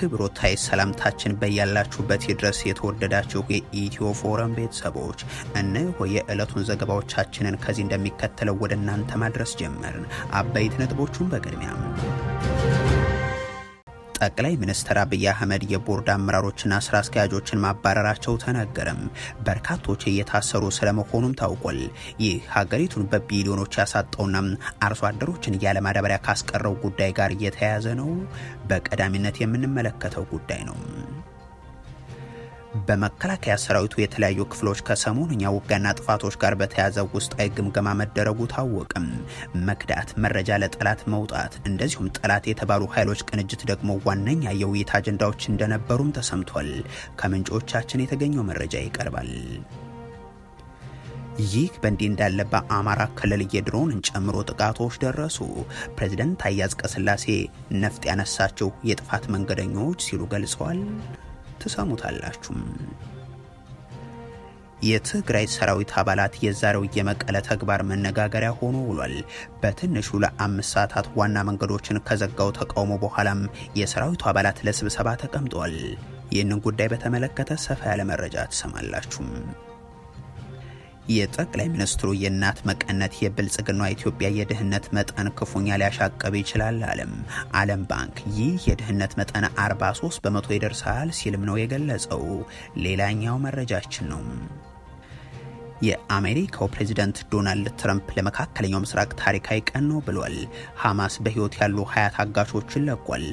አክብሮታይ ሰላምታችን በያላችሁበት ድረስ የተወደዳችሁ የኢትዮ ፎረም ቤተሰቦች እነሆ የዕለቱን ዘገባዎቻችንን ከዚህ እንደሚከተለው ወደ እናንተ ማድረስ ጀመርን። አበይት ነጥቦቹን በቅድሚያ ጠቅላይ ሚኒስትር አብይ አህመድ የቦርድ አመራሮችና ስራ አስኪያጆችን ማባረራቸው ተነገረም። በርካቶች እየታሰሩ ስለመሆኑም ታውቋል። ይህ ሀገሪቱን በቢሊዮኖች ያሳጣውና አርሶ አደሮችን ያለማዳበሪያ ካስቀረው ጉዳይ ጋር እየተያያዘ ነው። በቀዳሚነት የምንመለከተው ጉዳይ ነው። በመከላከያ ሰራዊቱ የተለያዩ ክፍሎች ከሰሞኑኛ ውጋና ጥፋቶች ጋር በተያያዘ ውስጣዊ ግምገማ መደረጉ ታወቅም። መክዳት፣ መረጃ ለጠላት መውጣት፣ እንደዚሁም ጠላት የተባሉ ኃይሎች ቅንጅት ደግሞ ዋነኛ የውይይት አጀንዳዎች እንደነበሩም ተሰምቷል። ከምንጮቻችን የተገኘው መረጃ ይቀርባል። ይህ በእንዲህ እንዳለ በአማራ ክልል የድሮንን ጨምሮ ጥቃቶች ደረሱ። ፕሬዚደንት ታዬ አጽቀሥላሴ ነፍጥ ያነሳቸው የጥፋት መንገደኞች ሲሉ ገልጸዋል። ትሰሙታላችሁም። የትግራይ ሰራዊት አባላት የዛሬው የመቀለ ተግባር መነጋገሪያ ሆኖ ውሏል። በትንሹ ለአምስት ሰዓታት ዋና መንገዶችን ከዘጋው ተቃውሞ በኋላም የሰራዊቱ አባላት ለስብሰባ ተቀምጠዋል። ይህንን ጉዳይ በተመለከተ ሰፋ ያለ መረጃ ትሰማላችሁም። የጠቅላይ ሚኒስትሩ የእናት መቀነት የብልጽግና ኢትዮጵያ የድህነት መጠን ክፉኛ ሊያሻቀብ ይችላል አለም ዓለም ባንክ ይህ የድህነት መጠን 43 በመቶ ይደርሳል ሲልም ነው የገለጸው። ሌላኛው መረጃችን ነው። የአሜሪካው ፕሬዚደንት ዶናልድ ትራምፕ ለመካከለኛው ምስራቅ ታሪካዊ ቀን ነው ብሏል። ሐማስ በሕይወት ያሉ ሀያ ታጋቾችን ለቋል።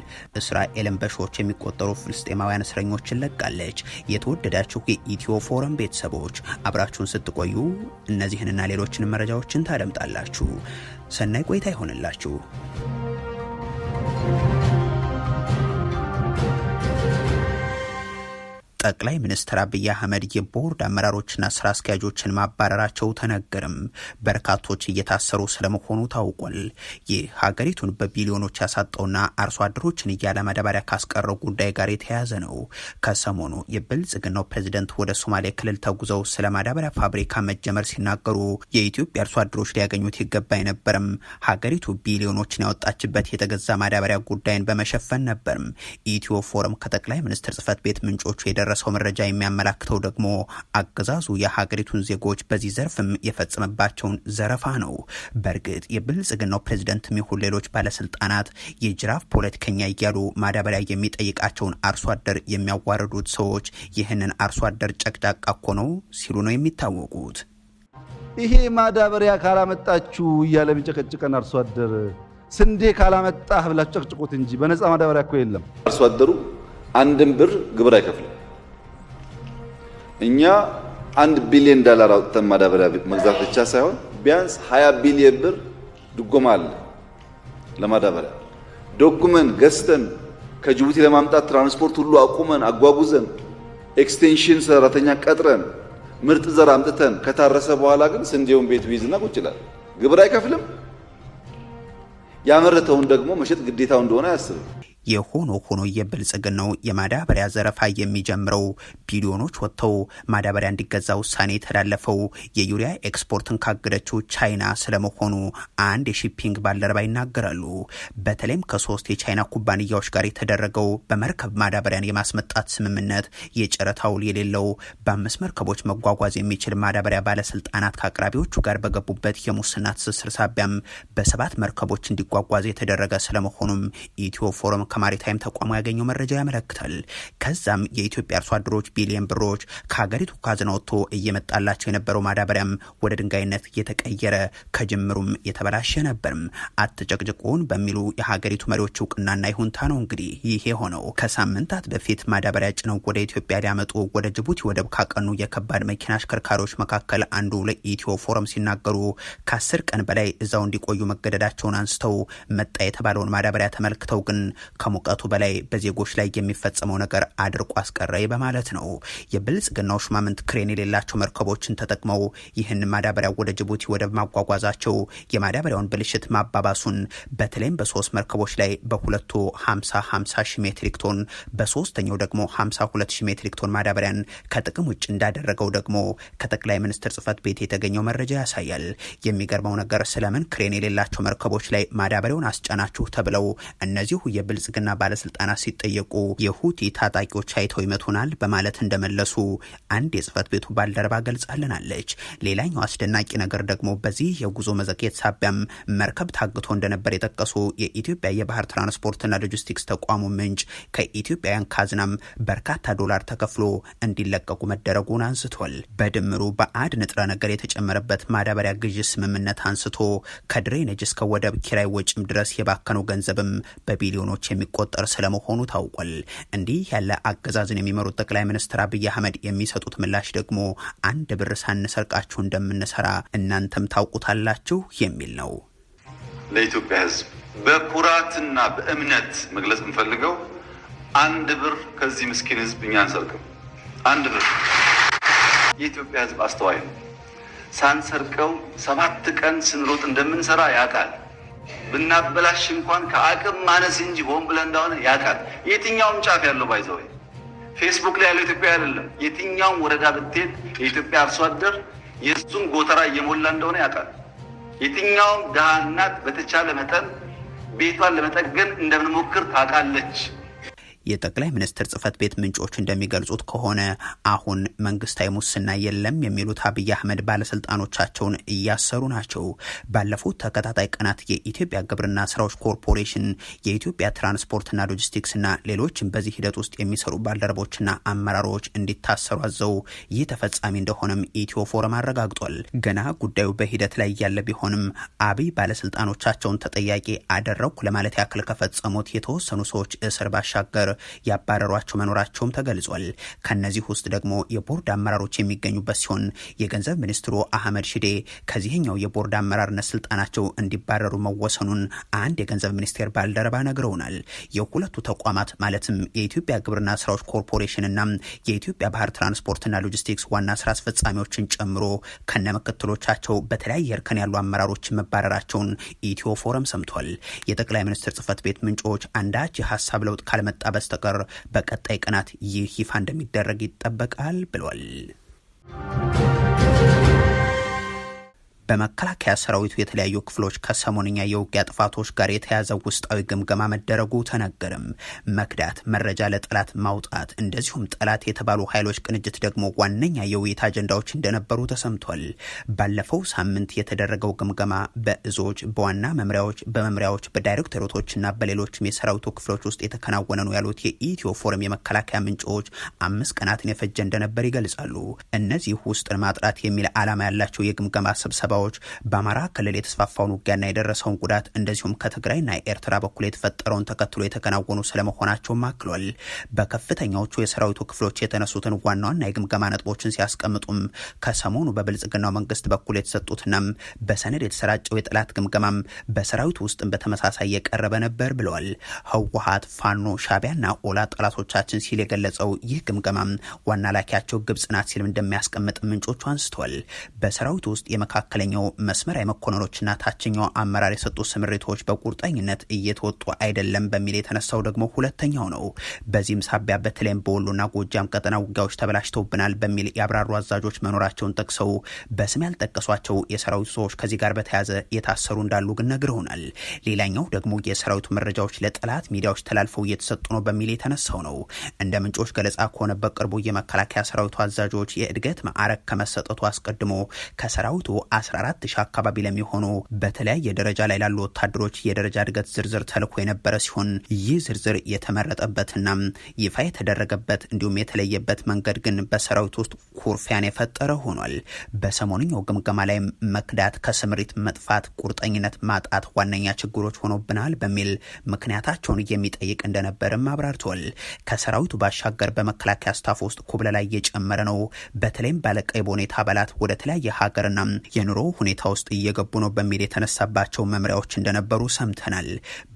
እስራኤልን በሺዎች የሚቆጠሩ ፍልስጤማውያን እስረኞችን ለቃለች። የተወደዳችሁ የኢትዮ ፎረም ቤተሰቦች አብራችሁን ስትቆዩ እነዚህንና ሌሎችን መረጃዎችን ታደምጣላችሁ። ሰናይ ቆይታ ይሆንላችሁ። ጠቅላይ ሚኒስትር አብይ አህመድ የቦርድ አመራሮችና ስራ አስኪያጆችን ማባረራቸው ተነገርም። በርካቶች እየታሰሩ ስለመሆኑ ታውቋል። ይህ ሀገሪቱን በቢሊዮኖች ያሳጠውና አርሶ አደሮችን እያለ ማዳበሪያ ካስቀረው ጉዳይ ጋር የተያያዘ ነው። ከሰሞኑ የብልጽግናው ፕሬዚደንት ወደ ሶማሌ ክልል ተጉዘው ስለ ማዳበሪያ ፋብሪካ መጀመር ሲናገሩ የኢትዮጵያ አርሶ አደሮች ሊያገኙት ይገባ አይነበርም፣ ሀገሪቱ ቢሊዮኖችን ያወጣችበት የተገዛ ማዳበሪያ ጉዳይን በመሸፈን ነበርም። ኢትዮ ፎረም ከጠቅላይ ሚኒስትር ጽህፈት ቤት ምንጮቹ የደረሰ የደረሰው መረጃ የሚያመላክተው ደግሞ አገዛዙ የሀገሪቱን ዜጎች በዚህ ዘርፍም የፈጸመባቸውን ዘረፋ ነው። በእርግጥ የብልጽግናው ፕሬዚደንት ይሁን ሌሎች ባለስልጣናት የጅራፍ ፖለቲከኛ እያሉ ማዳበሪያ የሚጠይቃቸውን አርሶ አደር የሚያዋርዱት ሰዎች ይህንን አርሶ አደር ጨቅጫቃ እኮ ነው ሲሉ ነው የሚታወቁት። ይሄ ማዳበሪያ ካላመጣችሁ እያለ የሚጨቀጭቀን አርሶ አደር ስንዴ ካላመጣህ ብላችሁ ጨቅጭቁት እንጂ በነፃ ማዳበሪያ እኮ የለም። አርሶ አደሩ አንድም ብር ግብር አይከፍልም። እኛ አንድ ቢሊዮን ዶላር አውጥተን ማዳበሪያ መግዛት ብቻ ሳይሆን ቢያንስ 20 ቢሊዮን ብር ድጎማ አለ ለማዳበሪያ ዶኩመን ገዝተን ከጅቡቲ ለማምጣት ትራንስፖርት ሁሉ አቁመን አጓጉዘን ኤክስቴንሽን ሰራተኛ ቀጥረን ምርጥ ዘር አምጥተን ከታረሰ በኋላ ግን ስንዴውን ቤት ቢይዝና ቁጭ ይላል። ግብር አይከፍልም። ያመረተውን ደግሞ መሸጥ ግዴታው እንደሆነ አያስብም። የሆኖ ሆኖ የብልጽግናው የማዳበሪያ ዘረፋ የሚጀምረው ቢሊዮኖች ወጥተው ማዳበሪያ እንዲገዛ ውሳኔ የተላለፈው የዩሪያ ኤክስፖርትን ካገደችው ቻይና ስለመሆኑ አንድ የሺፒንግ ባልደረባ ይናገራሉ። በተለይም ከሶስት የቻይና ኩባንያዎች ጋር የተደረገው በመርከብ ማዳበሪያን የማስመጣት ስምምነት የጨረታ ውል የሌለው በአምስት መርከቦች መጓጓዝ የሚችል ማዳበሪያ ባለስልጣናት ከአቅራቢዎቹ ጋር በገቡበት የሙስና ትስስር ሳቢያም በሰባት መርከቦች እንዲጓጓዝ የተደረገ ስለመሆኑም ኢትዮ ፎረም ከማሪታይም ተቋሙ ያገኘው መረጃ ያመለክታል። ከዛም የኢትዮጵያ አርሶ አደሮች ቢሊየን ብሮች ከሀገሪቱ ካዝና ወጥቶ እየመጣላቸው የነበረው ማዳበሪያም ወደ ድንጋይነት እየተቀየረ ከጅምሩም የተበላሸ ነበርም። አትጨቅጭቁን በሚሉ የሀገሪቱ መሪዎች እውቅናና ይሁንታ ነው እንግዲህ ይሄ ሆነው። ከሳምንታት በፊት ማዳበሪያ ጭነው ወደ ኢትዮጵያ ሊያመጡ ወደ ጅቡቲ ወደብ ካቀኑ የከባድ መኪና አሽከርካሪዎች መካከል አንዱ ለኢትዮ ፎረም ሲናገሩ ከአስር ቀን በላይ እዛው እንዲቆዩ መገደዳቸውን አንስተው መጣ የተባለውን ማዳበሪያ ተመልክተው ግን ከ ከሙቀቱ በላይ በዜጎች ላይ የሚፈጸመው ነገር አድርቆ አስቀረይ በማለት ነው። የብልጽግናው ሹማምንት ክሬን የሌላቸው መርከቦችን ተጠቅመው ይህን ማዳበሪያ ወደ ጅቡቲ ወደብ ማጓጓዛቸው የማዳበሪያውን ብልሽት ማባባሱን በተለይም በሶስት መርከቦች ላይ በሁለቱ 50 50 ሺህ ሜትሪክ ቶን በሶስተኛው ደግሞ 52 ሺህ ሜትሪክ ቶን ማዳበሪያን ከጥቅም ውጭ እንዳደረገው ደግሞ ከጠቅላይ ሚኒስትር ጽህፈት ቤት የተገኘው መረጃ ያሳያል። የሚገርመው ነገር ስለምን ክሬን የሌላቸው መርከቦች ላይ ማዳበሪያውን አስጫናችሁ ተብለው እነዚሁ የብልጽ ብልጽግና ባለስልጣናት ሲጠየቁ የሁቲ ታጣቂዎች አይተው ይመቱናል በማለት እንደመለሱ አንድ የጽህፈት ቤቱ ባልደረባ ገልጻልናለች። ሌላኛው አስደናቂ ነገር ደግሞ በዚህ የጉዞ መዘግየት ሳቢያም መርከብ ታግቶ እንደነበር የጠቀሱ የኢትዮጵያ የባህር ትራንስፖርትና ሎጂስቲክስ ተቋሙ ምንጭ ከኢትዮጵያውያን ካዝናም በርካታ ዶላር ተከፍሎ እንዲለቀቁ መደረጉን አንስቷል። በድምሩ በአድ ንጥረ ነገር የተጨመረበት ማዳበሪያ ግዥ ስምምነት አንስቶ ከድሬነጅ እስከ ወደብ ኪራይ ወጪም ድረስ የባከነው ገንዘብም በቢሊዮኖች እንደሚቆጠር ስለመሆኑ ታውቋል። እንዲህ ያለ አገዛዝን የሚመሩት ጠቅላይ ሚኒስትር አብይ አህመድ የሚሰጡት ምላሽ ደግሞ አንድ ብር ሳንሰርቃችሁ እንደምንሰራ እናንተም ታውቁታላችሁ የሚል ነው። ለኢትዮጵያ ሕዝብ በኩራትና በእምነት መግለጽ የምንፈልገው አንድ ብር ከዚህ ምስኪን ሕዝብ እኛ አንሰርቅም። አንድ ብር የኢትዮጵያ ሕዝብ አስተዋይ ነው። ሳንሰርቀው ሰባት ቀን ስንሮጥ እንደምንሰራ ያውቃል። ብናበላሽ እንኳን ከአቅም ማነስ እንጂ ሆን ብለን እንደሆነ ያውቃል። የትኛውም ጫፍ ያለው ባይዘው ፌስቡክ ላይ ያለው ኢትዮጵያ አይደለም። የትኛውም ወረዳ ብትሄድ የኢትዮጵያ አርሶ አደር የእሱን ጎተራ እየሞላ እንደሆነ ያውቃል። የትኛውም ድሃ እናት በተቻለ መጠን ቤቷን ለመጠገን እንደምንሞክር ታውቃለች። የጠቅላይ ሚኒስትር ጽህፈት ቤት ምንጮች እንደሚገልጹት ከሆነ አሁን መንግስታዊ ሙስና የለም የሚሉት አብይ አህመድ ባለስልጣኖቻቸውን እያሰሩ ናቸው። ባለፉት ተከታታይ ቀናት የኢትዮጵያ ግብርና ስራዎች ኮርፖሬሽን፣ የኢትዮጵያ ትራንስፖርትና ሎጂስቲክስና ሌሎችም በዚህ ሂደት ውስጥ የሚሰሩ ባልደረቦችና አመራሮች እንዲታሰሩ አዘው ይህ ተፈጻሚ እንደሆነም ኢትዮ ፎረም አረጋግጧል። ገና ጉዳዩ በሂደት ላይ ያለ ቢሆንም አብይ ባለስልጣኖቻቸውን ተጠያቂ አደረኩ ለማለት ያክል ከፈጸሙት የተወሰኑ ሰዎች እስር ባሻገር ያባረሯቸው መኖራቸውም ተገልጿል። ከነዚህ ውስጥ ደግሞ የቦርድ አመራሮች የሚገኙበት ሲሆን የገንዘብ ሚኒስትሩ አህመድ ሽዴ ከዚህኛው የቦርድ አመራርነት ስልጣናቸው እንዲባረሩ መወሰኑን አንድ የገንዘብ ሚኒስቴር ባልደረባ ነግረውናል። የሁለቱ ተቋማት ማለትም የኢትዮጵያ ግብርና ስራዎች ኮርፖሬሽንና የኢትዮጵያ ባህር ትራንስፖርትና ሎጂስቲክስ ዋና ስራ አስፈጻሚዎችን ጨምሮ ከነምክትሎቻቸው በተለያየ እርከን ያሉ አመራሮች መባረራቸውን ኢትዮ ፎረም ሰምቷል። የጠቅላይ ሚኒስትር ጽህፈት ቤት ምንጮች አንዳች የሀሳብ ለውጥ ካልመጣ በስ በስተቀር በቀጣይ ቀናት ይህ ይፋ እንደሚደረግ ይጠበቃል ብሏል። በመከላከያ ሰራዊቱ የተለያዩ ክፍሎች ከሰሞንኛ የውጊያ ጥፋቶች ጋር የተያዘ ውስጣዊ ግምገማ መደረጉ ተነገርም። መክዳት፣ መረጃ ለጠላት ማውጣት፣ እንደዚሁም ጠላት የተባሉ ኃይሎች ቅንጅት ደግሞ ዋነኛ የውይይት አጀንዳዎች እንደነበሩ ተሰምቷል። ባለፈው ሳምንት የተደረገው ግምገማ በእዞች፣ በዋና መምሪያዎች፣ በመምሪያዎች፣ በዳይሬክተሮቶችና በሌሎችም የሰራዊቱ ክፍሎች ውስጥ የተከናወነ ነው ያሉት የኢትዮ ፎረም የመከላከያ ምንጮች አምስት ቀናትን የፈጀ እንደነበር ይገልጻሉ። እነዚህ ውስጥን ማጥራት የሚል ዓላማ ያላቸው የግምገማ ስብሰባ ዘገባዎች በአማራ ክልል የተስፋፋውን ውጊያና የደረሰውን ጉዳት እንደዚሁም ከትግራይና ኤርትራ በኩል የተፈጠረውን ተከትሎ የተከናወኑ ስለመሆናቸውም አክሏል። በከፍተኛዎቹ የሰራዊቱ ክፍሎች የተነሱትን ዋና ዋና የግምገማ ነጥቦችን ሲያስቀምጡም ከሰሞኑ በብልጽግናው መንግስት በኩል የተሰጡትናም በሰነድ የተሰራጨው የጠላት ግምገማም በሰራዊቱ ውስጥም በተመሳሳይ የቀረበ ነበር ብለዋል። ህወሀት፣ ፋኖ፣ ሻቢያና ኦላ ጠላቶቻችን ሲል የገለጸው ይህ ግምገማም ዋና ላኪያቸው ግብጽ ናት ሲልም እንደሚያስቀምጥ ምንጮቹ አንስተዋል። በሰራዊቱ ውስጥ የመካከለኛ የተገኘው መስመራዊ መኮንኖችና ታችኛው አመራር የሰጡ ስምሪቶች በቁርጠኝነት እየተወጡ አይደለም በሚል የተነሳው ደግሞ ሁለተኛው ነው። በዚህም ሳቢያ በተለይም በወሎና ጎጃም ቀጠና ውጊያዎች ተበላሽተውብናል በሚል ያብራሩ አዛዦች መኖራቸውን ጠቅሰው በስም ያልጠቀሷቸው የሰራዊቱ ሰዎች ከዚህ ጋር በተያያዘ የታሰሩ እንዳሉ ግን ነግረውናል። ሌላኛው ደግሞ የሰራዊቱ መረጃዎች ለጠላት ሚዲያዎች ተላልፈው እየተሰጡ ነው በሚል የተነሳው ነው። እንደ ምንጮች ገለጻ ከሆነ በቅርቡ የመከላከያ ሰራዊቱ አዛዦች የእድገት ማዕረግ ከመሰጠቱ አስቀድሞ ከሰራዊቱ አራት 14 ሺህ አካባቢ ለሚሆኑ በተለያየ ደረጃ ላይ ላሉ ወታደሮች የደረጃ እድገት ዝርዝር ተልኮ የነበረ ሲሆን ይህ ዝርዝር የተመረጠበትና ይፋ የተደረገበት እንዲሁም የተለየበት መንገድ ግን በሰራዊት ውስጥ ኩርፊያን የፈጠረ ሆኗል። በሰሞንኛው ግምገማ ላይ መክዳት፣ ከስምሪት መጥፋት፣ ቁርጠኝነት ማጣት ዋነኛ ችግሮች ሆኖብናል በሚል ምክንያታቸውን የሚጠይቅ እንደነበርም አብራርቷል። ከሰራዊቱ ባሻገር በመከላከያ ስታፍ ውስጥ ላይ እየጨመረ ነው። በተለይም ባለቀይ ቦኔት አባላት ወደ ተለያየ ሀገርና የኑሮ ሁኔታ ውስጥ እየገቡ ነው በሚል የተነሳባቸው መምሪያዎች እንደነበሩ ሰምተናል።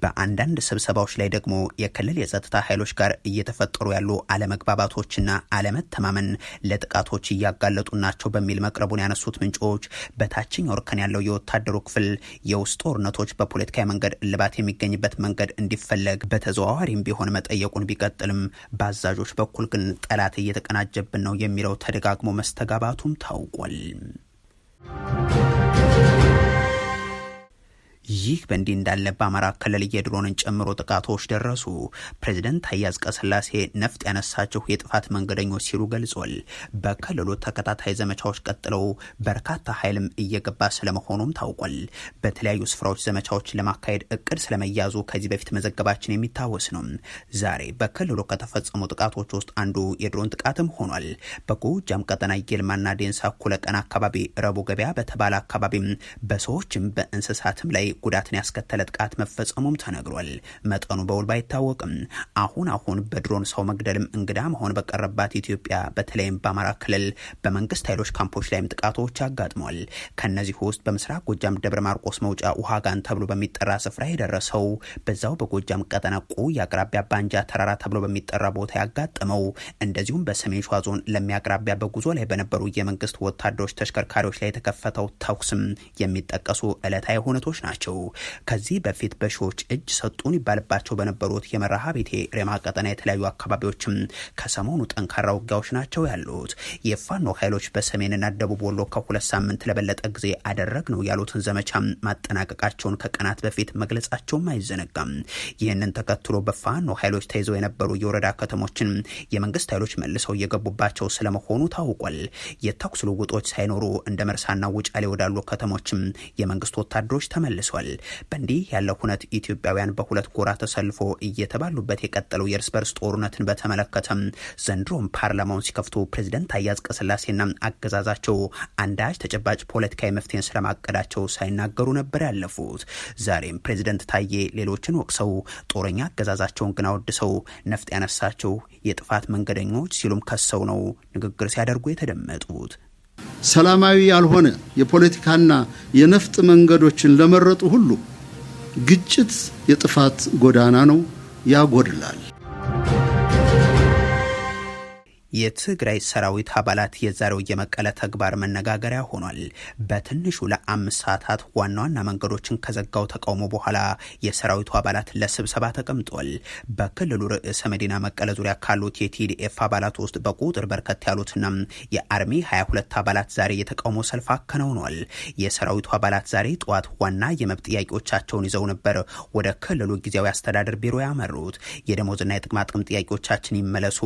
በአንዳንድ ስብሰባዎች ላይ ደግሞ የክልል የጸጥታ ኃይሎች ጋር እየተፈጠሩ ያሉ አለመግባባቶችና አለመተማመን ለጥቃቶች እያጋለጡ ናቸው በሚል መቅረቡን ያነሱት ምንጮች በታችኛው እርከን ያለው የወታደሩ ክፍል የውስጥ ጦርነቶች በፖለቲካዊ መንገድ እልባት የሚገኝበት መንገድ እንዲፈለግ በተዘዋዋሪም ቢሆን መጠየቁን ቢቀጥልም በአዛዦች በኩል ግን ጠላት እየተቀናጀብን ነው የሚለው ተደጋግሞ መስተጋባቱም ታውቋል። Música ይህ በእንዲህ እንዳለ በአማራ ክልል የድሮንን ጨምሮ ጥቃቶች ደረሱ። ፕሬዚደንት ታዬ አጽቀሥላሴ ነፍጥ ያነሳቸው የጥፋት መንገደኞች ሲሉ ገልጿል። በክልሉ ተከታታይ ዘመቻዎች ቀጥለው በርካታ ኃይልም እየገባ ስለመሆኑም ታውቋል። በተለያዩ ስፍራዎች ዘመቻዎችን ለማካሄድ እቅድ ስለመያዙ ከዚህ በፊት መዘገባችን የሚታወስ ነው። ዛሬ በክልሉ ከተፈጸሙ ጥቃቶች ውስጥ አንዱ የድሮን ጥቃትም ሆኗል። በጎጃም ቀጠና ይልማና ዴንሳ እኩለ ቀን አካባቢ ረቡዕ ገበያ በተባለ አካባቢም በሰዎችም በእንስሳትም ላይ ጉዳትን ያስከተለ ጥቃት መፈጸሙም ተነግሯል። መጠኑ በውል ባይታወቅም አሁን አሁን በድሮን ሰው መግደልም እንግዳ መሆን በቀረባት ኢትዮጵያ በተለይም በአማራ ክልል በመንግስት ኃይሎች ካምፖች ላይም ጥቃቶች አጋጥሟል ከእነዚህ ውስጥ በምስራቅ ጎጃም ደብረ ማርቆስ መውጫ ውሃጋን ተብሎ በሚጠራ ስፍራ የደረሰው፣ በዛው በጎጃም ቀጠና ቁይ አቅራቢያ ባንጃ ተራራ ተብሎ በሚጠራ ቦታ ያጋጠመው፣ እንደዚሁም በሰሜን ሸዋ ዞን ለሚያቅራቢያ በጉዞ ላይ በነበሩ የመንግስት ወታደሮች ተሽከርካሪዎች ላይ የተከፈተው ተኩስም የሚጠቀሱ ዕለታዊ ሁነቶች ናቸው። ናቸው። ከዚህ በፊት በሺዎች እጅ ሰጡን ይባልባቸው በነበሩት የመራሃ ቤቴ ሬማ ቀጠና የተለያዩ አካባቢዎችም ከሰሞኑ ጠንካራ ውጊያዎች ናቸው ያሉት የፋኖ ኃይሎች በሰሜንና ደቡብ ወሎ ከሁለት ሳምንት ለበለጠ ጊዜ አደረግ ነው ያሉትን ዘመቻ ማጠናቀቃቸውን ከቀናት በፊት መግለጻቸውም አይዘነጋም። ይህንን ተከትሎ በፋኖ ኃይሎች ተይዘው የነበሩ የወረዳ ከተሞችን የመንግስት ኃይሎች መልሰው እየገቡባቸው ስለመሆኑ ታውቋል። የተኩስ ልውውጦች ሳይኖሩ እንደ መርሳና ውጫሌ ወዳሉ ከተሞችም የመንግስት ወታደሮች ተመልሰዋል። ተገልጿል። በእንዲህ ያለው ሁነት ኢትዮጵያውያን በሁለት ጎራ ተሰልፎ እየተባሉበት የቀጠለው የእርስ በርስ ጦርነትን በተመለከተም ዘንድሮም ፓርላማውን ሲከፍቱ ፕሬዚደንት አያዝ ቀስላሴና አገዛዛቸው አንዳች ተጨባጭ ፖለቲካዊ መፍትሄን ስለማቀዳቸው ሳይናገሩ ነበር ያለፉት። ዛሬም ፕሬዚደንት ታዬ ሌሎችን ወቅሰው ጦረኛ አገዛዛቸውን ግን አወድሰው ነፍጥ ያነሳቸው የጥፋት መንገደኞች ሲሉም ከሰው ነው ንግግር ሲያደርጉ የተደመጡት። ሰላማዊ ያልሆነ የፖለቲካና የነፍጥ መንገዶችን ለመረጡ ሁሉ ግጭት የጥፋት ጎዳና ነው፣ ያጎድላል። የትግራይ ሰራዊት አባላት የዛሬው የመቀለ ተግባር መነጋገሪያ ሆኗል። በትንሹ ለአምስት ሰዓታት ዋና ዋና መንገዶችን ከዘጋው ተቃውሞ በኋላ የሰራዊቱ አባላት ለስብሰባ ተቀምጧል። በክልሉ ርዕሰ መዲና መቀለ ዙሪያ ካሉት የቲዲኤፍ አባላት ውስጥ በቁጥር በርከት ያሉትና የአርሚ 22 አባላት ዛሬ የተቃውሞ ሰልፍ አከናውኗል። የሰራዊቱ አባላት ዛሬ ጠዋት ዋና የመብት ጥያቄዎቻቸውን ይዘው ነበር ወደ ክልሉ ጊዜያዊ አስተዳደር ቢሮ ያመሩት። የደሞዝና የጥቅማጥቅም ጥያቄዎቻችን ይመለሱ፣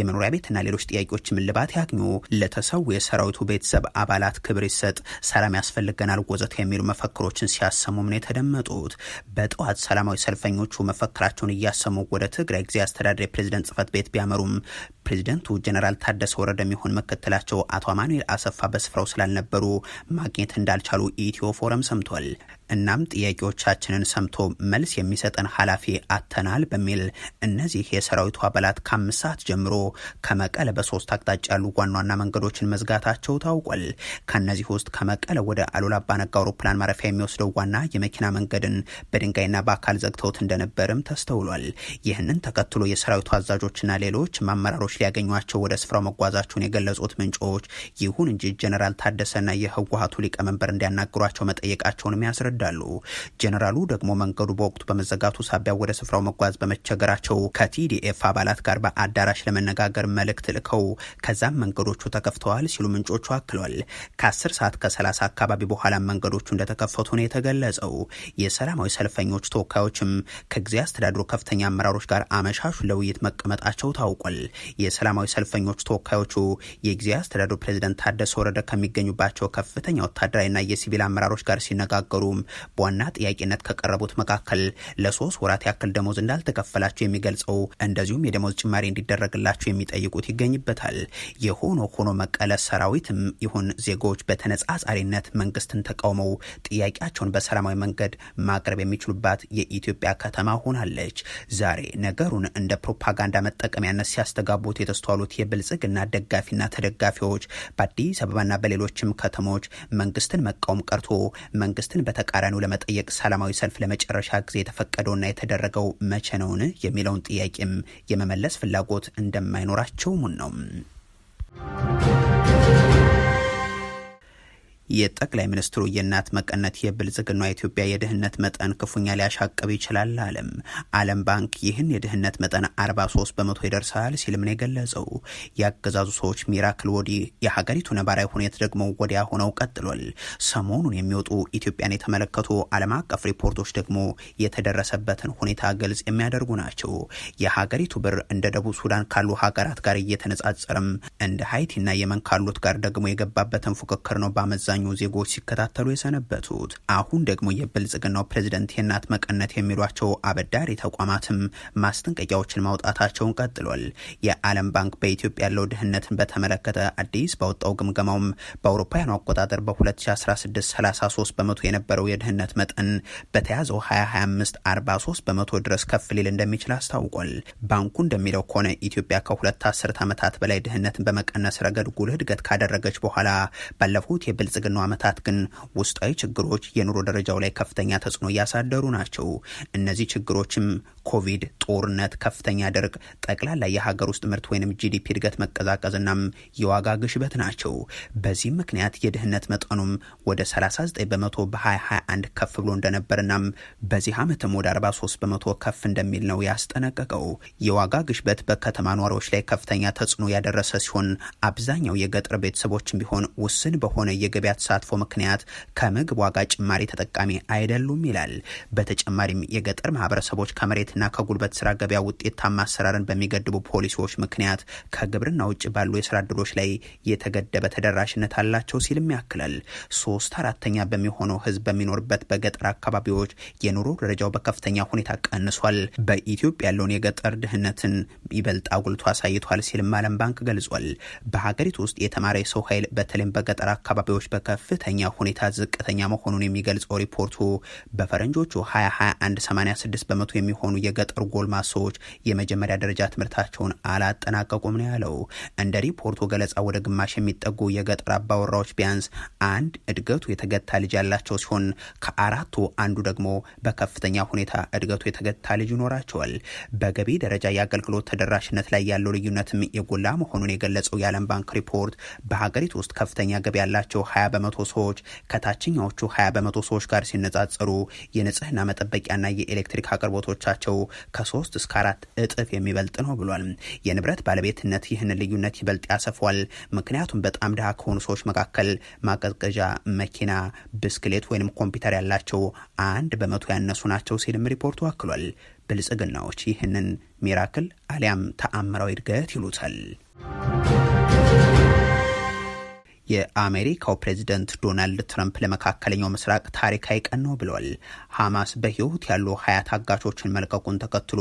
የመኖሪያ ቤትና ለሌሎች ጥያቄዎች ምልባት ያግኙ፣ ለተሰው የሰራዊቱ ቤተሰብ አባላት ክብር ይሰጥ፣ ሰላም ያስፈልገናል ወዘት የሚሉ መፈክሮችን ሲያሰሙም ነው የተደመጡት። በጠዋት ሰላማዊ ሰልፈኞቹ መፈክራቸውን እያሰሙ ወደ ትግራይ ጊዜ አስተዳደር የፕሬዚደንት ጽህፈት ቤት ቢያመሩም ፕሬዚደንቱ ጀነራል ታደሰ ወረደ የሚሆን ምክትላቸው አቶ አማኑኤል አሰፋ በስፍራው ስላልነበሩ ማግኘት እንዳልቻሉ ኢትዮ ፎረም ሰምቷል። እናም ጥያቄዎቻችንን ሰምቶ መልስ የሚሰጠን ኃላፊ አተናል በሚል እነዚህ የሰራዊቱ አባላት ከአምስት ሰዓት ጀምሮ ከመቀለ በሶስት አቅጣጫ ያሉ ዋና ዋና መንገዶችን መዝጋታቸው ታውቋል። ከእነዚህ ውስጥ ከመቀለ ወደ አሉላ አባነጋ አውሮፕላን ማረፊያ የሚወስደው ዋና የመኪና መንገድን በድንጋይና በአካል ዘግተውት እንደነበርም ተስተውሏል። ይህንን ተከትሎ የሰራዊቱ አዛዦችና ሌሎች አመራሮች ሊያገኟቸው ወደ ስፍራው መጓዛቸውን የገለጹት ምንጮች ይሁን እንጂ ጀነራል ታደሰና የህወሀቱ ሊቀመንበር እንዲያናግሯቸው መጠየቃቸውንም ያስረዳል። ያስረዳሉ። ጀነራሉ ደግሞ መንገዱ በወቅቱ በመዘጋቱ ሳቢያ ወደ ስፍራው መጓዝ በመቸገራቸው ከቲዲኤፍ አባላት ጋር በአዳራሽ ለመነጋገር መልእክት ልከው ከዛም መንገዶቹ ተከፍተዋል ሲሉ ምንጮቹ አክሏል። ከ10 ሰዓት ከ30 አካባቢ በኋላ መንገዶቹ እንደተከፈቱ ነው የተገለጸው። የሰላማዊ ሰልፈኞች ተወካዮችም ከጊዜ አስተዳድሩ ከፍተኛ አመራሮች ጋር አመሻሹ ለውይይት መቀመጣቸው ታውቋል። የሰላማዊ ሰልፈኞች ተወካዮቹ የጊዜ አስተዳድሩ ፕሬዚደንት ታደሰ ወረደ ከሚገኙባቸው ከፍተኛ ወታደራዊና የሲቪል አመራሮች ጋር ሲነጋገሩም በዋና ጥያቄነት ከቀረቡት መካከል ለሶስት ወራት ያክል ደሞዝ እንዳልተከፈላቸው የሚገልጸው እንደዚሁም የደሞዝ ጭማሪ እንዲደረግላቸው የሚጠይቁት ይገኝበታል። የሆኖ ሆኖ መቀለ ሰራዊትም ይሁን ዜጎች በተነጻጻሪነት መንግስትን ተቃውመው ጥያቄያቸውን በሰላማዊ መንገድ ማቅረብ የሚችሉባት የኢትዮጵያ ከተማ ሆናለች። ዛሬ ነገሩን እንደ ፕሮፓጋንዳ መጠቀሚያነት ሲያስተጋቡት የተስተዋሉት የብልጽግና ደጋፊና ተደጋፊዎች በአዲስ አበባና በሌሎችም ከተሞች መንግስትን መቃወም ቀርቶ መንግስትን በተቃ በተቃራኒው ለመጠየቅ ሰላማዊ ሰልፍ ለመጨረሻ ጊዜ የተፈቀደውና የተደረገው መቼ ነውን የሚለውን ጥያቄም የመመለስ ፍላጎት ሙን ነው። የጠቅላይ ሚኒስትሩ የእናት መቀነት የብልጽግና ኢትዮጵያ የድህነት መጠን ክፉኛ ሊያሻቅብ ይችላል አለም አለም ባንክ ይህን የድህነት መጠን 43 በመቶ ይደርሳል ሲልም ነው የገለጸው። የአገዛዙ ሰዎች ሚራክል ወዲህ የሀገሪቱ ነባራዊ ሁኔታ ደግሞ ወዲያ ሆነው ቀጥሏል። ሰሞኑን የሚወጡ ኢትዮጵያን የተመለከቱ ዓለም አቀፍ ሪፖርቶች ደግሞ የተደረሰበትን ሁኔታ ግልጽ የሚያደርጉ ናቸው። የሀገሪቱ ብር እንደ ደቡብ ሱዳን ካሉ ሀገራት ጋር እየተነጻጸርም እንደ ሀይቲና የመን ካሉት ጋር ደግሞ የገባበትን ፉክክር ነው በአመዛኙ አብዛኛው ዜጎች ሲከታተሉ የሰነበቱት አሁን ደግሞ የብልጽግናው ፕሬዝደንት የእናት መቀነት የሚሏቸው አበዳሪ ተቋማትም ማስጠንቀቂያዎችን ማውጣታቸውን ቀጥሏል። የዓለም ባንክ በኢትዮጵያ ያለው ድህነትን በተመለከተ አዲስ ባወጣው ግምገማውም በአውሮፓውያኑ አቆጣጠር በ2016 33 በመቶ የነበረው የድህነት መጠን በተያዘው 2025 43 በመቶ ድረስ ከፍ ሊል እንደሚችል አስታውቋል። ባንኩ እንደሚለው ከሆነ ኢትዮጵያ ከሁለት አስርት ዓመታት በላይ ድህነትን በመቀነስ ረገድ ጉልህ እድገት ካደረገች በኋላ ባለፉት የብልጽግ በብልጽግናው ዓመታት ግን ውስጣዊ ችግሮች የኑሮ ደረጃው ላይ ከፍተኛ ተጽዕኖ እያሳደሩ ናቸው። እነዚህ ችግሮችም ኮቪድ፣ ጦርነት፣ ከፍተኛ ድርቅ፣ ጠቅላላ የሀገር ውስጥ ምርት ወይም ጂዲፒ እድገት መቀዛቀዝናም የዋጋ ግሽበት ናቸው። በዚህም ምክንያት የድህነት መጠኑም ወደ 39 በመቶ በ2021 ከፍ ብሎ እንደነበርናም በዚህ ዓመትም ወደ 43 በመቶ ከፍ እንደሚል ነው ያስጠነቀቀው። የዋጋ ግሽበት በከተማ ኗሪዎች ላይ ከፍተኛ ተጽዕኖ ያደረሰ ሲሆን አብዛኛው የገጠር ቤተሰቦችም ቢሆን ውስን በሆነ የገበያ ተሳትፎ ምክንያት ከምግብ ዋጋ ጭማሪ ተጠቃሚ አይደሉም ይላል። በተጨማሪም የገጠር ማህበረሰቦች ከመሬትና ከጉልበት ስራ ገበያ ውጤታማ አሰራርን በሚገድቡ ፖሊሲዎች ምክንያት ከግብርና ውጭ ባሉ የስራ እድሎች ላይ የተገደበ ተደራሽነት አላቸው ሲልም ያክላል። ሶስት አራተኛ በሚሆነው ህዝብ በሚኖርበት በገጠር አካባቢዎች የኑሮ ደረጃው በከፍተኛ ሁኔታ ቀንሷል። በኢትዮጵያ ያለውን የገጠር ድህነትን ይበልጥ አጉልቶ አሳይቷል ሲልም ዓለም ባንክ ገልጿል። በሀገሪቱ ውስጥ የተማረ የሰው ኃይል በተለይም በገጠር አካባቢዎች በ በከፍተኛ ሁኔታ ዝቅተኛ መሆኑን የሚገልጸው ሪፖርቱ በፈረንጆቹ 2216 በመቶ የሚሆኑ የገጠር ጎልማሶች የመጀመሪያ ደረጃ ትምህርታቸውን አላጠናቀቁም ነው ያለው። እንደ ሪፖርቱ ገለጻ ወደ ግማሽ የሚጠጉ የገጠር አባወራዎች ቢያንስ አንድ እድገቱ የተገታ ልጅ ያላቸው ሲሆን ከአራቱ አንዱ ደግሞ በከፍተኛ ሁኔታ እድገቱ የተገታ ልጅ ይኖራቸዋል። በገቢ ደረጃ የአገልግሎት ተደራሽነት ላይ ያለው ልዩነትም የጎላ መሆኑን የገለጸው የዓለም ባንክ ሪፖርት በሀገሪቱ ውስጥ ከፍተኛ ገቢ ያላቸው 20 በመቶ ሰዎች ከታችኛዎቹ 20 በመቶ ሰዎች ጋር ሲነጻጸሩ የንጽህና መጠበቂያና የኤሌክትሪክ አቅርቦቶቻቸው ከሶስት እስከ አራት እጥፍ የሚበልጥ ነው ብሏል። የንብረት ባለቤትነት ይህን ልዩነት ይበልጥ ያሰፏል። ምክንያቱም በጣም ድሃ ከሆኑ ሰዎች መካከል ማቀዝቀዣ፣ መኪና፣ ብስክሌት ወይም ኮምፒውተር ያላቸው አንድ በመቶ ያነሱ ናቸው ሲልም ሪፖርቱ አክሏል። ብልጽግናዎች ይህንን ሚራክል አሊያም ተአምራዊ እድገት ይሉታል። የአሜሪካው ፕሬዚደንት ዶናልድ ትራምፕ ለመካከለኛው ምስራቅ ታሪካዊ ቀን ነው ብለዋል። ሐማስ በህይወት ያሉ ሀያ ታጋቾችን መልቀቁን ተከትሎ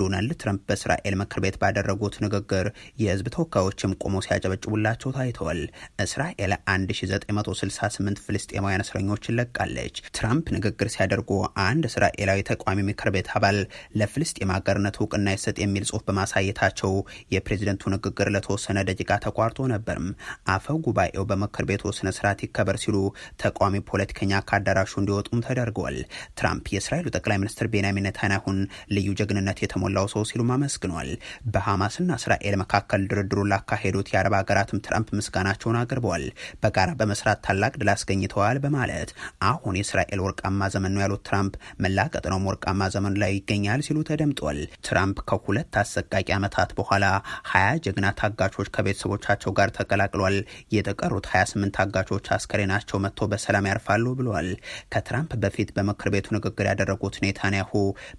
ዶናልድ ትራምፕ በእስራኤል ምክር ቤት ባደረጉት ንግግር የህዝብ ተወካዮችም ቆመው ሲያጨበጭቡላቸው ታይተዋል። እስራኤል 1968 ፍልስጤማውያን እስረኞችን ለቃለች። ትራምፕ ንግግር ሲያደርጉ አንድ እስራኤላዊ ተቃዋሚ ምክር ቤት አባል ለፍልስጤም ሀገርነት እውቅና ይሰጥ የሚል ጽሁፍ በማሳየታቸው የፕሬዚደንቱ ንግግር ለተወሰነ ደቂቃ ተቋርጦ ነበርም አፈ ጉባኤው በምክር ቤቱ ስነ ስርዓት ይከበር ሲሉ ተቃዋሚ ፖለቲከኛ ከአዳራሹ እንዲወጡም ተደርገዋል። ትራምፕ የእስራኤሉ ጠቅላይ ሚኒስትር ቤንያሚን ኔታንያሁን ልዩ ጀግንነት የተሞላው ሰው ሲሉም አመስግኗል። በሐማስና እስራኤል መካከል ድርድሩ ላካሄዱት የአረብ ሀገራትም ትራምፕ ምስጋናቸውን አቅርበዋል። በጋራ በመስራት ታላቅ ድል አስገኝተዋል በማለት አሁን የእስራኤል ወርቃማ ዘመን ነው ያሉት ትራምፕ መላቀጥ ነው ወርቃማ ዘመን ላይ ይገኛል ሲሉ ተደምጧል። ትራምፕ ከሁለት አሰቃቂ ዓመታት በኋላ ሀያ ጀግና ታጋቾች ከቤተሰቦቻቸው ጋር ተቀላቅሏል። የተቀሩ የቀሩት 28 አጋቾች አስከሬናቸው መጥቶ በሰላም ያርፋሉ ብለዋል። ከትራምፕ በፊት በምክር ቤቱ ንግግር ያደረጉት ኔታንያሁ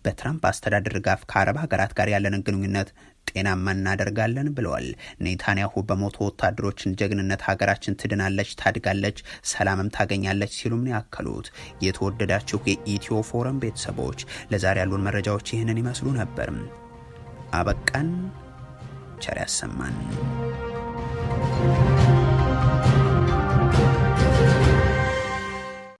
በትራምፕ አስተዳደር ድጋፍ ከአረብ ሀገራት ጋር ያለንን ግንኙነት ጤናማ እናደርጋለን ብለዋል። ኔታንያሁ በሞቱ ወታደሮችን ጀግንነት ሀገራችን ትድናለች፣ ታድጋለች፣ ሰላምም ታገኛለች ሲሉም ነው ያከሉት። የተወደዳችሁ የኢትዮ ፎረም ቤተሰቦች ለዛሬ ያሉን መረጃዎች ይህንን ይመስሉ ነበር። አበቃን። ቸር ያሰማን።